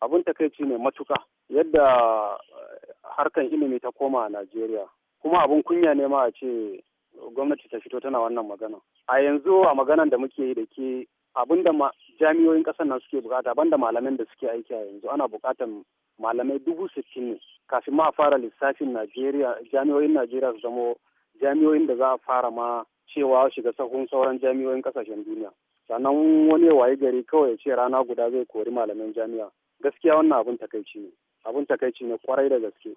abun takaici ne matuka yadda eh, harkan ilimi ta koma a Najeriya kuma abin kunya ne ma a ce gwamnati ta fito tana wannan magana a yanzu a maganan da muke yi da ke abin da jami'oyin ƙasar nan suke bukata banda malamin da suke aiki a yanzu ana bukatan malamai dubu sittin ne kafin ma a fara lissafin Najeriya jami'oyin Najeriya su zamo jami'oyin da za a fara ma cewa shiga sahun sauran jami'oyin ƙasashen duniya sannan wani waye gari kawai ya ce rana guda zai kori malamin jami'a gaskiya wannan abun takaici ne abun takaici ne kwarai da gaske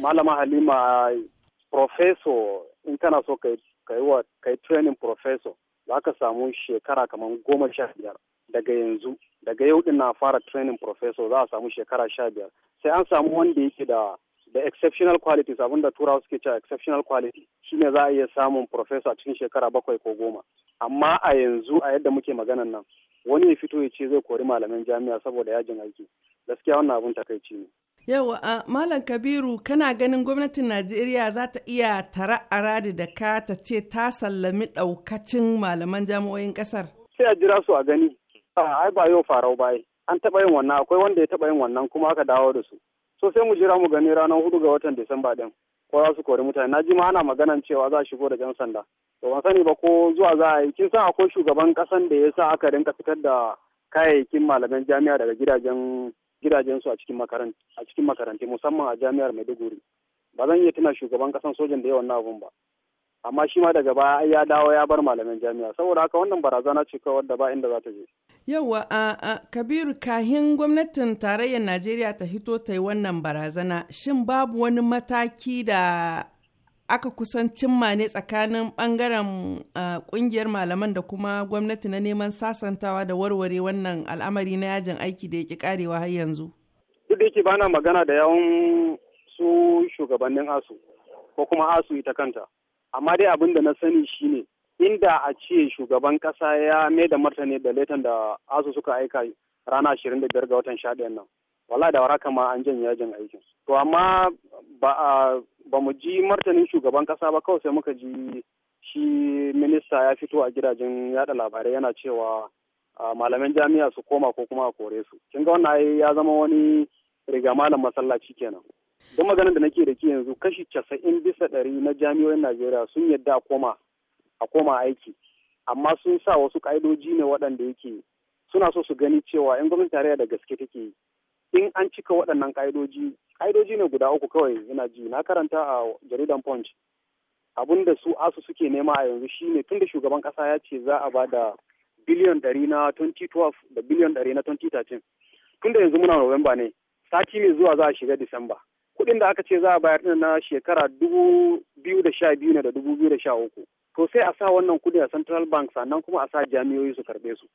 malama halima profeso in kana so ka yi ka yi training profeso za ka samu shekara kamar goma sha biyar daga yanzu daga yau din na fara training professor za a samu shekara sha biyar sai an samu wanda yake da da exceptional qualities da turawa suke cewa exceptional quality shine za a iya samun professor a cikin shekara bakwai ko goma amma a yanzu a yadda muke maganan nan wani ya fito ya ce zai kori malaman jami'a saboda yajin aiki gaskiya wannan abun takaici ne Yau, a Malam Kabiru, kana ganin gwamnatin Najeriya za ta iya tara aradi da ka ta ce ta sallami ɗaukacin malaman jami'o'in ƙasar? Sai a jira su a gani. Ai ba yau farau bai. An taba yin wannan, akwai wanda ya taɓa yin wannan kuma aka dawo da su. So sai mu jira mu gani ranar hudu ga watan Disamba ɗin. Ko za su kori mutane. Na ji ma ana maganan cewa za a shigo da jan sanda. to ban sani ba ko zuwa za a yi kin san akwai shugaban kasan da ya sa aka rinka fitar da kayayyakin malaman jami'a daga gidajen gidajen su a cikin makarantu a cikin makarantu musamman a jami'ar Maiduguri ba zan iya tuna shugaban kasan sojan da ya wannan abun ba amma shi ma daga baya ya dawo ya bar malaman jami'a saboda haka wannan barazana ce kawai wadda ba inda za ta je yauwa a uh, uh, kahin gwamnatin tarayyar najeriya ta hito ta yi wannan barazana shin babu wani mataki da aka kusan cimma ne tsakanin bangaren kungiyar malaman da kuma gwamnati na neman sasantawa da warware wannan al'amari na yajin aiki da yake karewa har yanzu duk da yake bana magana da yawan su shugabannin asu ko kuma asu ita kanta amma dai abin da na sani shine inda a ce shugaban kasa ya mai da martani da letan da asu suka aika rana ashirin da biyar ga watan sha nan wala da wara ma an janye yajin aikin to amma ba a ba mu ji martanin shugaban kasa ba kawai sai muka ji shi minista ya fito a gidajen yada labarai yana cewa malaman jami'a su koma ko kuma a kore su kin ga wannan ya zama wani riga malam masallaci kenan don maganar da nake da ke yanzu kashi casa'in bisa ɗari na jami'o'in najeriya sun yadda a koma a koma aiki amma sun sa wasu ƙa'idoji ne waɗanda yake suna so su gani cewa in gwamnati tarayya da gaske take in an cika waɗannan ƙa'idoji ka'idoji ne guda uku kawai yana ji na karanta a jaridan punch abun da su asu suke nema a yanzu shine tun da shugaban kasa ya ce za a bada biliyon ɗari na 2012 da biliyon ɗari na 2013 tun da yanzu muna Nuwamba ne sati mai zuwa za a shiga Disamba kuɗin da aka ce za a bayar ɗin na shekara dubu biyu da sha biyu ne da dubu biyu da sha uku to sai a sa wannan kuɗi a Central Bank sannan kuma a sa jami'oyi su karɓe su